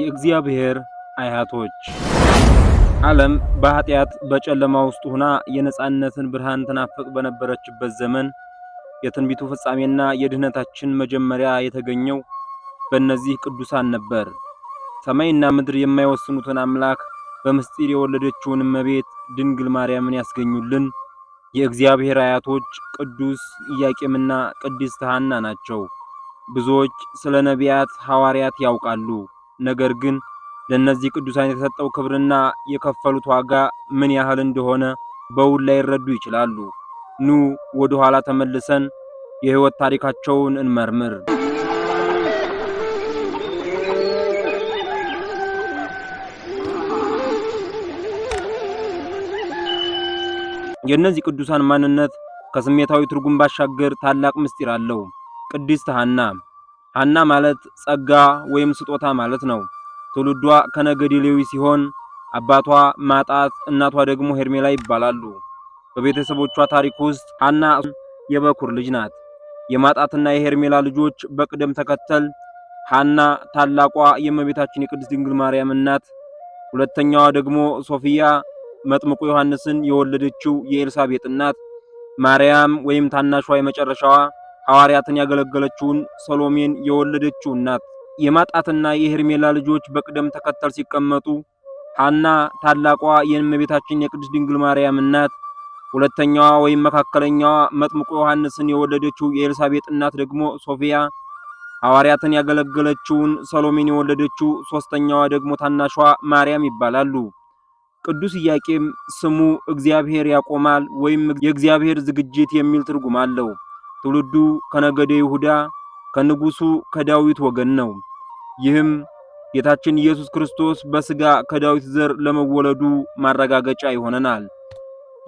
የእግዚአብሔር አያቶች ዓለም በኃጢአት በጨለማ ውስጥ ሆና የነጻነትን ብርሃን ትናፍቅ በነበረችበት ዘመን የትንቢቱ ፍጻሜና የድህነታችን መጀመሪያ የተገኘው በእነዚህ ቅዱሳን ነበር። ሰማይና ምድር የማይወስኑትን አምላክ በምስጢር የወለደችውን እመቤት ድንግል ማርያምን ያስገኙልን የእግዚአብሔር አያቶች ቅዱስ ኢያቄምና ቅድስት ሐና ናቸው። ብዙዎች ስለ ነቢያት ሐዋርያት ያውቃሉ። ነገር ግን ለእነዚህ ቅዱሳን የተሰጠው ክብርና የከፈሉት ዋጋ ምን ያህል እንደሆነ በውል ላይረዱ ይችላሉ። ኑ ወደ ኋላ ተመልሰን የሕይወት ታሪካቸውን እንመርምር። የእነዚህ ቅዱሳን ማንነት ከስሜታዊ ትርጉም ባሻገር ታላቅ ምስጢር አለው። ቅድስት ሐና ሐና ማለት ጸጋ ወይም ስጦታ ማለት ነው። ትውልዷ ከነገደ ሌዊ ሲሆን አባቷ ማጣት፣ እናቷ ደግሞ ሄርሜላ ይባላሉ። በቤተሰቦቿ ታሪክ ውስጥ ሐና የበኩር ልጅ ናት። የማጣትና የሄርሜላ ልጆች በቅደም ተከተል ሐና ታላቋ የእመቤታችን የቅድስት ድንግል ማርያም እናት፣ ሁለተኛዋ ደግሞ ሶፊያ መጥምቁ ዮሐንስን የወለደችው የኤልሳቤጥ እናት፣ ማርያም ወይም ታናሿ የመጨረሻዋ ሐዋርያትን ያገለገለችውን ሰሎሜን የወለደችው እናት። የማጣትና የሄርሜላ ልጆች በቅደም ተከተል ሲቀመጡ ሐና ታላቋ የእመቤታችን የቅድስት ድንግል ማርያም እናት፣ ሁለተኛዋ ወይም መካከለኛዋ መጥምቆ ዮሐንስን የወለደችው የኤልሳቤጥ እናት ደግሞ ሶፊያ፣ ሐዋርያትን ያገለገለችውን ሰሎሜን የወለደችው ሦስተኛዋ ደግሞ ታናሿ ማርያም ይባላሉ። ቅዱስ ኢያቄም ስሙ እግዚአብሔር ያቆማል ወይም የእግዚአብሔር ዝግጅት የሚል ትርጉም አለው። ትውልዱ ከነገደ ይሁዳ ከንጉሱ ከዳዊት ወገን ነው። ይህም ጌታችን ኢየሱስ ክርስቶስ በስጋ ከዳዊት ዘር ለመወለዱ ማረጋገጫ ይሆነናል።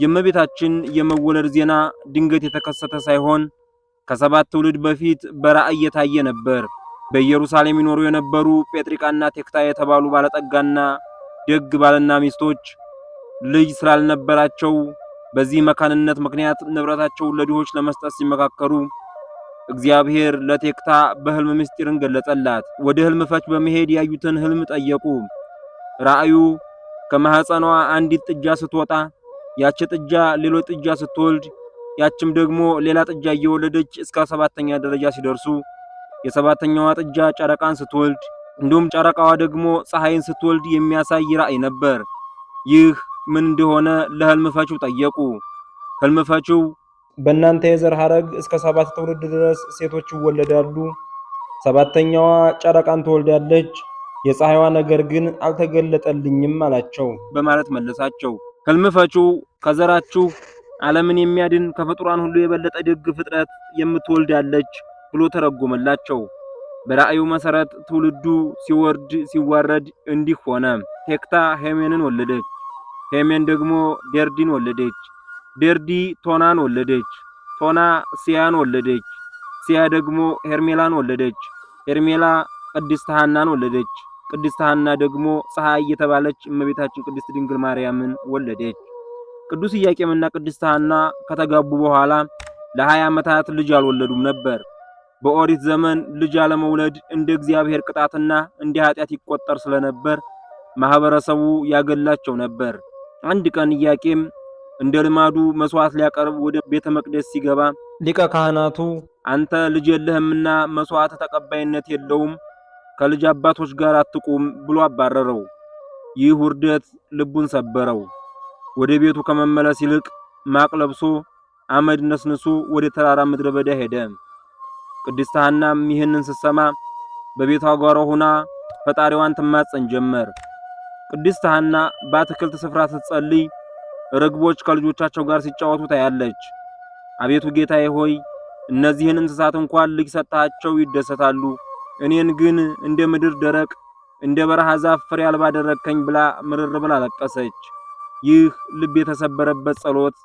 የእመቤታችን የመወለድ ዜና ድንገት የተከሰተ ሳይሆን ከሰባት ትውልድ በፊት በራእይ የታየ ነበር። በኢየሩሳሌም ይኖሩ የነበሩ ጴጥሪቃና ቴክታ የተባሉ ባለጠጋና ደግ ባልና ሚስቶች ልጅ ስላልነበራቸው በዚህ መካንነት ምክንያት ንብረታቸውን ለድሆች ለመስጠት ሲመካከሩ እግዚአብሔር ለቴክታ በህልም ምስጢርን ገለጸላት። ወደ ህልም ፈች በመሄድ ያዩትን ህልም ጠየቁ። ራእዩ ከማህፀኗ አንዲት ጥጃ ስትወጣ፣ ያቺ ጥጃ ሌሎች ጥጃ ስትወልድ፣ ያችም ደግሞ ሌላ ጥጃ እየወለደች እስከ ሰባተኛ ደረጃ ሲደርሱ የሰባተኛዋ ጥጃ ጨረቃን ስትወልድ፣ እንዲሁም ጨረቃዋ ደግሞ ፀሐይን ስትወልድ የሚያሳይ ራእይ ነበር። ይህ ምን እንደሆነ ለህልም ፈቺው ጠየቁ። ህልም ፈቺው በእናንተ የዘር ሀረግ እስከ ሰባት ትውልድ ድረስ ሴቶች ይወለዳሉ። ሰባተኛዋ ጨረቃን ትወልዳለች፣ የፀሐይዋ ነገር ግን አልተገለጠልኝም አላቸው በማለት መለሳቸው። ህልም ፈቺው ከዘራችሁ ዓለምን የሚያድን ከፍጡራን ሁሉ የበለጠ ደግ ፍጥረት የምትወልዳለች ብሎ ተረጎመላቸው። በራእዩ መሰረት ትውልዱ ሲወርድ ሲዋረድ እንዲህ ሆነ። ቴክታ ሄሜንን ወለደች። ሄሜን ደግሞ ዴርዲን ወለደች። ዴርዲ ቶናን ወለደች። ቶና ሲያን ወለደች። ሲያ ደግሞ ሄርሜላን ወለደች። ሄርሜላ ቅድስት ሐናን ወለደች። ቅድስት ሐና ደግሞ ፀሐይ እየተባለች እመቤታችን ቅድስት ድንግል ማርያምን ወለደች። ቅዱስ ኢያቄምና ቅድስት ሐና ከተጋቡ በኋላ ለሀያ ዓመታት ልጅ አልወለዱም ነበር። በኦሪት ዘመን ልጅ አለመውለድ እንደ እግዚአብሔር ቅጣትና እንደ ኃጢአት ይቆጠር ስለነበር ማህበረሰቡ ያገላቸው ነበር። አንድ ቀን ኢያቄም እንደ ልማዱ መስዋዕት ሊያቀርብ ወደ ቤተ መቅደስ ሲገባ ሊቀ ካህናቱ አንተ ልጅ የለህምና መስዋዕት ተቀባይነት የለውም፣ ከልጅ አባቶች ጋር አትቁም ብሎ አባረረው። ይህ ውርደት ልቡን ሰበረው። ወደ ቤቱ ከመመለስ ይልቅ ማቅ ለብሶ አመድ ነስንሶ ወደ ተራራ ምድረ በዳ ሄደ። ቅድስት ሐናም ይህንን ስትሰማ በቤቷ ጓሮ ሆና ፈጣሪዋን ትማጸን ጀመር። ቅድስት ሐና በአትክልት ስፍራ ስትጸልይ ርግቦች ከልጆቻቸው ጋር ሲጫወቱ ታያለች። አቤቱ ጌታዬ ሆይ እነዚህን እንስሳት እንኳን ልጅ ሰጥታቸው ይደሰታሉ፣ እኔን ግን እንደ ምድር ደረቅ እንደ በረሃ ዛፍ ፍሬ አልባ አደረግከኝ ብላ ምርር ብላ አለቀሰች። ይህ ልብ የተሰበረበት ጸሎት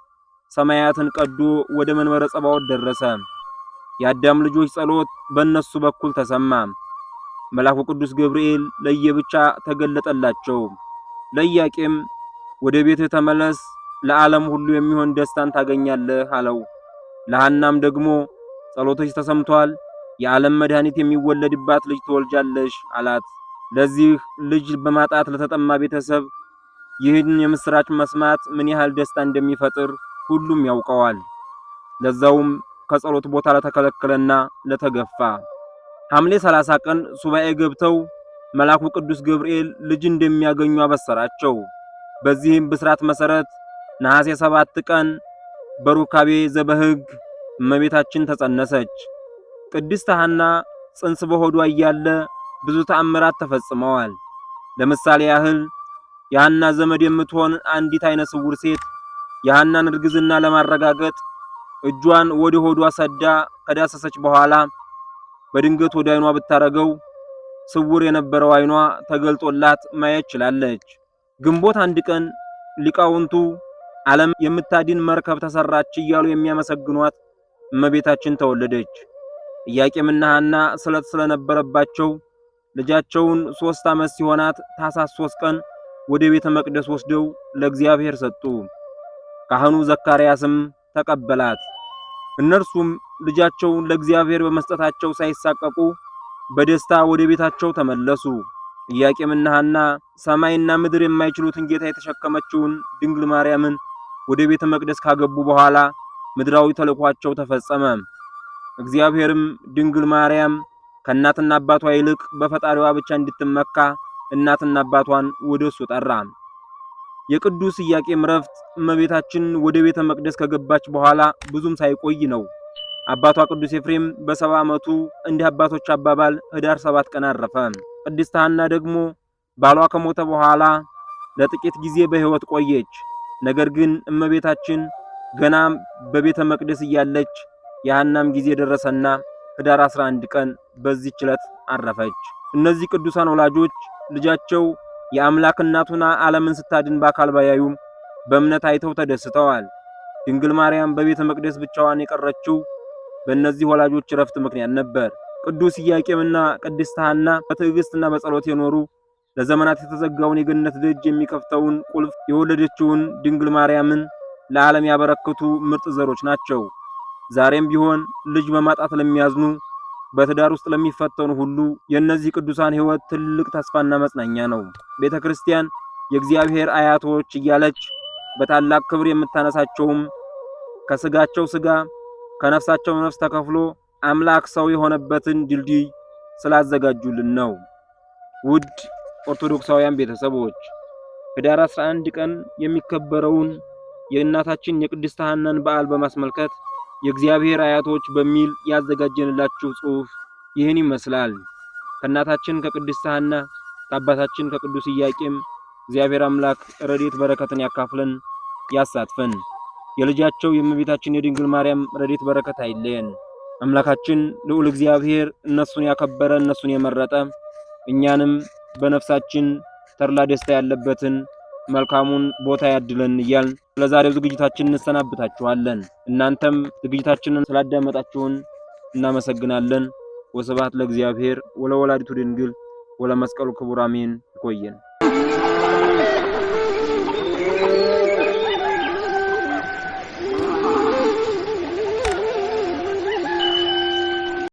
ሰማያትን ቀዶ ወደ መንበረ ጸባዖት ደረሰ። የአዳም ልጆች ጸሎት በእነሱ በኩል ተሰማ። መልአኩ ቅዱስ ገብርኤል ለየብቻ ተገለጠላቸው። ለኢያቄም ወደ ቤትህ ተመለስ፣ ለዓለም ሁሉ የሚሆን ደስታን ታገኛለህ አለው። ለሐናም ደግሞ ጸሎቶች ተሰምቷል፣ የዓለም መድኃኒት የሚወለድባት ልጅ ትወልጃለሽ አላት። ለዚህ ልጅ በማጣት ለተጠማ ቤተሰብ ይህን የምስራች መስማት ምን ያህል ደስታ እንደሚፈጥር ሁሉም ያውቀዋል። ለዛውም ከጸሎት ቦታ ለተከለከለና ለተገፋ ሐምሌ 30 ቀን ሱባኤ ገብተው መልአኩ ቅዱስ ገብርኤል ልጅ እንደሚያገኙ አበሰራቸው። በዚህም ብስራት መሰረት ነሐሴ 7 ቀን በሩካቤ ዘበህግ እመቤታችን ተጸነሰች። ቅድስት ሐና ጽንስ በሆዷ እያለ ብዙ ተአምራት ተፈጽመዋል። ለምሳሌ ያህል የሐና ዘመድ የምትሆን አንዲት አይነ ስውር ሴት የሐናን እርግዝና ለማረጋገጥ እጇን ወደ ሆዷ ሰዳ ከዳሰሰች በኋላ በድንገት ወደ አይኗ ብታረገው ስውር የነበረው አይኗ ተገልጦላት ማየት ችላለች። ግንቦት አንድ ቀን ሊቃውንቱ ዓለም የምታድን መርከብ ተሰራች እያሉ የሚያመሰግኗት እመቤታችን ተወለደች። ኢያቄምና ሐና ስለት ስለነበረባቸው ልጃቸውን ሦስት ዓመት ሲሆናት ታኅሳስ ሦስት ቀን ወደ ቤተ መቅደስ ወስደው ለእግዚአብሔር ሰጡ። ካህኑ ዘካርያስም ተቀበላት። እነርሱም ልጃቸውን ለእግዚአብሔር በመስጠታቸው ሳይሳቀቁ በደስታ ወደ ቤታቸው ተመለሱ። ኢያቄምና ሐና ሰማይና ምድር የማይችሉትን ጌታ የተሸከመችውን ድንግል ማርያምን ወደ ቤተ መቅደስ ካገቡ በኋላ ምድራዊ ተልኳቸው ተፈጸመ። እግዚአብሔርም ድንግል ማርያም ከእናትና አባቷ ይልቅ በፈጣሪዋ ብቻ እንድትመካ እናትና አባቷን ወደ እሱ ጠራ። የቅዱስ ኢያቄም ረፍት እመቤታችን ወደ ቤተ መቅደስ ከገባች በኋላ ብዙም ሳይቆይ ነው። አባቷ ቅዱስ ኤፍሬም በሰባ ዓመቱ እንደ አባቶች አባባል ህዳር ሰባት ቀን አረፈ። ቅድስት ሐና ደግሞ ባሏ ከሞተ በኋላ ለጥቂት ጊዜ በህይወት ቆየች። ነገር ግን እመቤታችን ገና በቤተ መቅደስ እያለች የሐናም ጊዜ ደረሰና ህዳር 11 ቀን በዚህች ዕለት አረፈች። እነዚህ ቅዱሳን ወላጆች ልጃቸው የአምላክ እናት ሆና ዓለምን ስታድን በአካል ባያዩም በእምነት አይተው ተደስተዋል። ድንግል ማርያም በቤተ መቅደስ ብቻዋን የቀረችው በእነዚህ ወላጆች ረፍት ምክንያት ነበር። ቅዱስ ኢያቄምና ቅድስት ሐና በትዕግስትና በጸሎት የኖሩ ለዘመናት የተዘጋውን የገነት ደጅ የሚከፍተውን ቁልፍ የወለደችውን ድንግል ማርያምን ለዓለም ያበረከቱ ምርጥ ዘሮች ናቸው። ዛሬም ቢሆን ልጅ በማጣት ለሚያዝኑ፣ በትዳር ውስጥ ለሚፈተኑ ሁሉ የእነዚህ ቅዱሳን ሕይወት ትልቅ ተስፋና መጽናኛ ነው። ቤተ ክርስቲያን የእግዚአብሔር አያቶች እያለች በታላቅ ክብር የምታነሳቸውም ከስጋቸው ስጋ ከነፍሳቸው ነፍስ ተከፍሎ አምላክ ሰው የሆነበትን ድልድይ ስላዘጋጁልን ነው። ውድ ኦርቶዶክሳውያን ቤተሰቦች ህዳር 11 ቀን የሚከበረውን የእናታችን የቅድስት ሐናን በዓል በማስመልከት የእግዚአብሔር አያቶች በሚል ያዘጋጀንላችሁ ጽሑፍ ይህን ይመስላል። ከእናታችን ከቅድስት ሐና ከአባታችን ከቅዱስ ኢያቄም እግዚአብሔር አምላክ ረድኤት በረከትን ያካፍለን ያሳትፈን። የልጃቸው የእመቤታችን የድንግል ማርያም ረድኤት በረከት አይለየን። አምላካችን ልዑል እግዚአብሔር እነሱን ያከበረ እነሱን የመረጠ እኛንም በነፍሳችን ተድላ ደስታ ያለበትን መልካሙን ቦታ ያድለን እያል ለዛሬው ዝግጅታችን እንሰናብታችኋለን። እናንተም ዝግጅታችንን ስላዳመጣችሁን እናመሰግናለን። ወስብሐት ለእግዚአብሔር ወለወላዲቱ ድንግል ወለመስቀሉ ክቡር አሜን። ይቆየን።